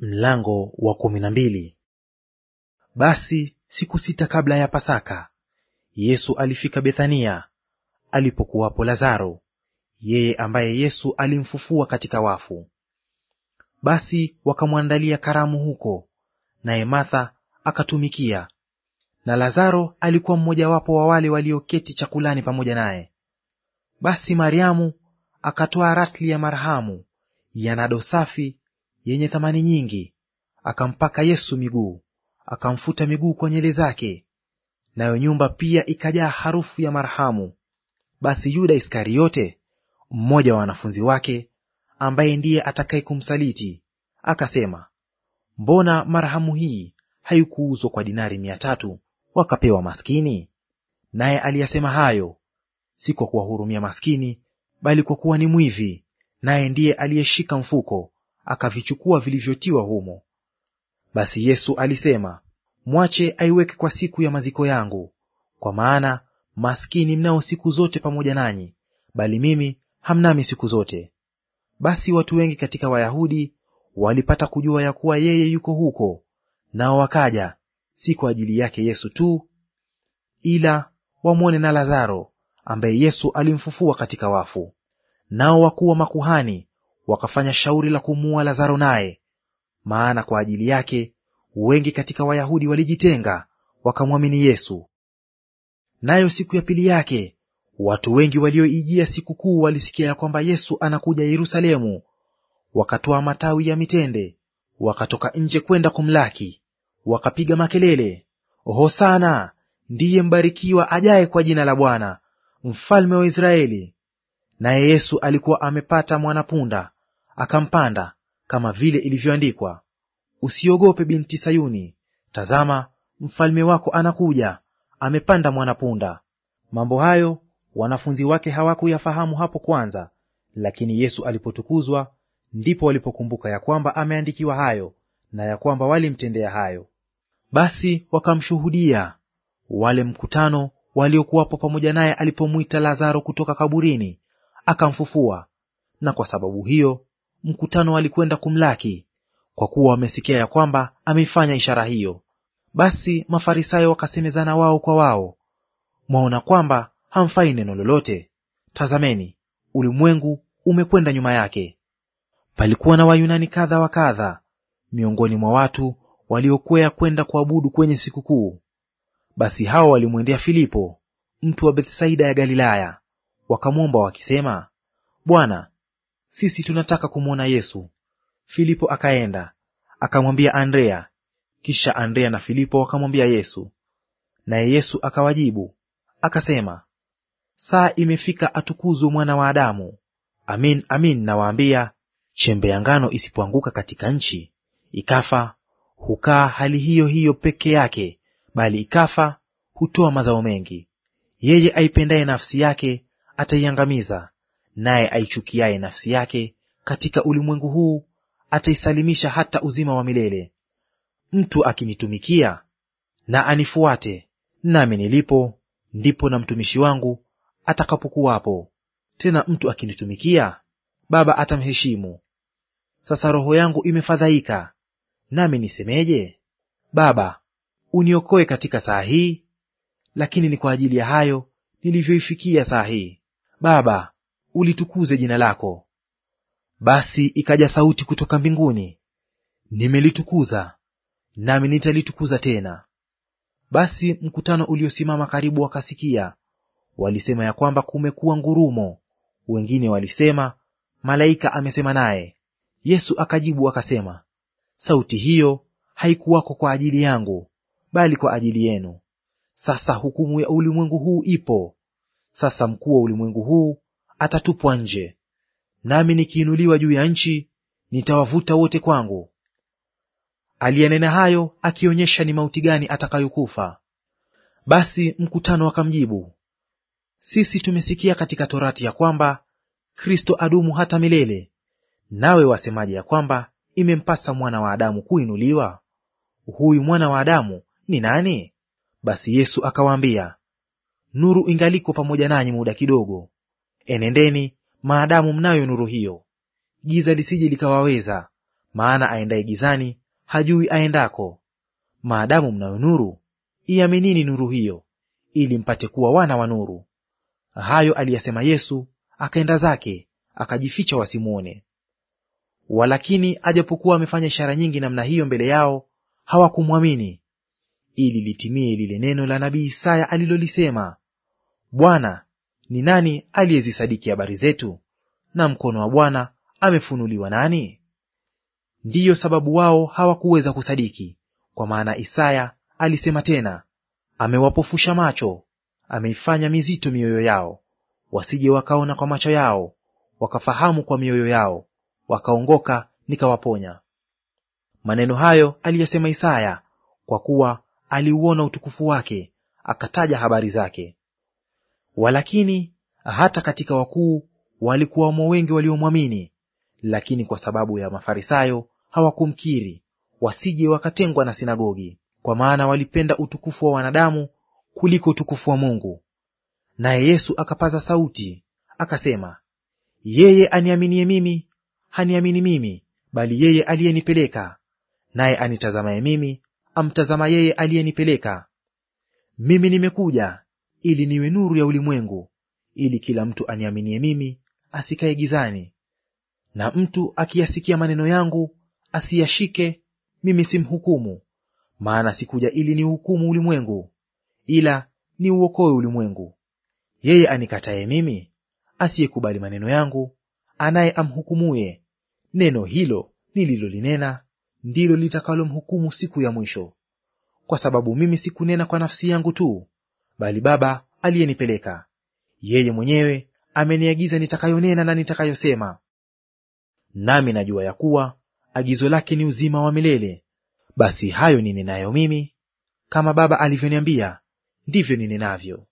Mlango wa kumi na mbili. Basi siku sita kabla ya Pasaka Yesu alifika Bethania alipokuwapo Lazaro, yeye ambaye Yesu alimfufua katika wafu. Basi wakamwandalia karamu huko, naye Martha akatumikia, na Lazaro alikuwa mmojawapo wa wale walioketi chakulani pamoja naye. Basi Mariamu akatoa ratli ya marhamu ya nado safi yenye thamani nyingi, akampaka Yesu miguu, akamfuta miguu kwa nywele zake. Nayo nyumba pia ikajaa harufu ya marhamu. Basi Yuda Iskariote, mmoja wa wanafunzi wake, ambaye ndiye atakaye kumsaliti, akasema, mbona marhamu hii haikuuzwa kwa dinari mia tatu wakapewa maskini? Naye aliyasema hayo si kwa kuwahurumia maskini, bali kwa kuwa ni mwivi, naye ndiye aliyeshika mfuko akavichukua vilivyotiwa humo. Basi Yesu alisema, mwache aiweke kwa siku ya maziko yangu, kwa maana maskini mnao siku zote pamoja nanyi, bali mimi hamnami siku zote. Basi watu wengi katika Wayahudi walipata kujua ya kuwa yeye yuko huko, nao wakaja, si kwa ajili yake Yesu tu, ila wamwone na Lazaro ambaye Yesu alimfufua katika wafu. Nao wakuu wa makuhani wakafanya shauri la kumuua Lazaro naye, maana kwa ajili yake wengi katika Wayahudi walijitenga wakamwamini Yesu. Nayo siku ya pili yake watu wengi walioijia sikukuu walisikia ya kwamba Yesu anakuja Yerusalemu, wakatoa matawi ya mitende wakatoka nje kwenda kumlaki, wakapiga makelele, Hosana! Ndiye mbarikiwa ajaye kwa jina la Bwana, mfalme wa Israeli. Naye Yesu alikuwa amepata mwanapunda akampanda, kama vile ilivyoandikwa, usiogope binti Sayuni, tazama mfalme wako anakuja, amepanda mwanapunda. Mambo hayo wanafunzi wake hawakuyafahamu hapo kwanza, lakini Yesu alipotukuzwa, ndipo walipokumbuka ya kwamba ameandikiwa hayo na ya kwamba walimtendea hayo. Basi wakamshuhudia wale mkutano waliokuwapo pamoja naye alipomwita Lazaro kutoka kaburini, akamfufua. Na kwa sababu hiyo mkutano alikwenda kumlaki, kwa kuwa wamesikia ya kwamba ameifanya ishara hiyo. Basi Mafarisayo wakasemezana wao kwa wao, mwaona kwamba hamfai neno lolote. Tazameni, ulimwengu umekwenda nyuma yake. Palikuwa na Wayunani kadha wa kadha miongoni mwa watu waliokwea kwenda kuabudu kwenye sikukuu. Basi hao walimwendea Filipo, mtu wa Bethsaida ya Galilaya, wakamwomba wakisema, Bwana, sisi tunataka kumwona Yesu. Filipo akaenda akamwambia Andrea, kisha Andrea na Filipo wakamwambia Yesu. Naye Yesu akawajibu akasema, saa imefika atukuzwe mwana wa Adamu. Amin, amin nawaambia, chembe ya ngano isipoanguka katika nchi ikafa, hukaa hali hiyo hiyo peke yake, bali ikafa, hutoa mazao mengi. Yeye aipendaye nafsi yake ataiangamiza, naye aichukiaye nafsi yake katika ulimwengu huu ataisalimisha hata uzima wa milele. Mtu akinitumikia na anifuate, nami nilipo, ndipo na mtumishi wangu atakapokuwapo. Tena mtu akinitumikia, Baba atamheshimu. Sasa roho yangu imefadhaika, nami nisemeje? Baba, uniokoe katika saa hii, lakini ni kwa ajili ya hayo nilivyoifikia saa hii. Baba, ulitukuze jina lako. Basi ikaja sauti kutoka mbinguni, nimelitukuza nami nitalitukuza tena. Basi mkutano uliosimama karibu wakasikia, walisema ya kwamba kumekuwa ngurumo, wengine walisema malaika amesema naye. Yesu akajibu akasema, sauti hiyo haikuwako kwa ajili yangu, bali kwa ajili yenu. Sasa hukumu ya ulimwengu huu ipo. Sasa mkuu wa ulimwengu huu atatupwa nje. Nami nikiinuliwa juu ya nchi, nitawavuta wote kwangu. Aliyenena hayo akionyesha ni mauti gani atakayokufa. Basi mkutano wakamjibu, sisi tumesikia katika Torati ya kwamba Kristo adumu hata milele, nawe wasemaje ya kwamba imempasa mwana wa Adamu kuinuliwa? Huyu mwana wa Adamu ni nani? Basi Yesu akawaambia, nuru ingaliko pamoja nanyi muda kidogo, Enendeni maadamu mnayo nuru hiyo, giza lisije likawaweza, maana aendaye gizani hajui aendako. Maadamu mnayo nuru, iaminini nuru hiyo, ili mpate kuwa wana wa nuru. Hayo aliyasema Yesu, akaenda zake, akajificha wasimwone. Walakini ajapokuwa amefanya ishara nyingi namna hiyo mbele yao, hawakumwamini, ili litimie lile neno la nabii Isaya alilolisema, Bwana ni nani aliyezisadiki habari zetu? Na mkono wa Bwana amefunuliwa nani? Ndiyo sababu wao hawakuweza kusadiki, kwa maana Isaya alisema tena, amewapofusha macho, ameifanya mizito mioyo yao, wasije wakaona kwa macho yao, wakafahamu kwa mioyo yao, wakaongoka nikawaponya. Maneno hayo aliyasema Isaya, kwa kuwa aliuona utukufu wake, akataja habari zake. Walakini hata katika wakuu walikuwamo wengi waliomwamini, lakini kwa sababu ya Mafarisayo hawakumkiri, wasije wakatengwa na sinagogi, kwa maana walipenda utukufu wa wanadamu kuliko utukufu wa Mungu. Naye Yesu akapaza sauti akasema, yeye aniaminie mimi haniamini mimi, bali yeye aliyenipeleka; naye anitazamaye mimi amtazama yeye aliyenipeleka. Mimi nimekuja ili niwe nuru ya ulimwengu, ili kila mtu aniaminie mimi asikae gizani. Na mtu akiyasikia maneno yangu asiyashike, mimi simhukumu. Maana sikuja ili niuhukumu ulimwengu, ila niuokoe ulimwengu. Yeye anikataye mimi, asiyekubali maneno yangu, anaye amhukumuye, neno hilo nililolinena ndilo litakalomhukumu siku ya mwisho. Kwa sababu mimi sikunena kwa nafsi yangu tu, bali Baba aliyenipeleka yeye mwenyewe ameniagiza nitakayonena na nitakayosema. Nami najua ya kuwa agizo lake ni uzima wa milele. Basi hayo ninenayo mimi, kama Baba alivyoniambia, ndivyo ninenavyo.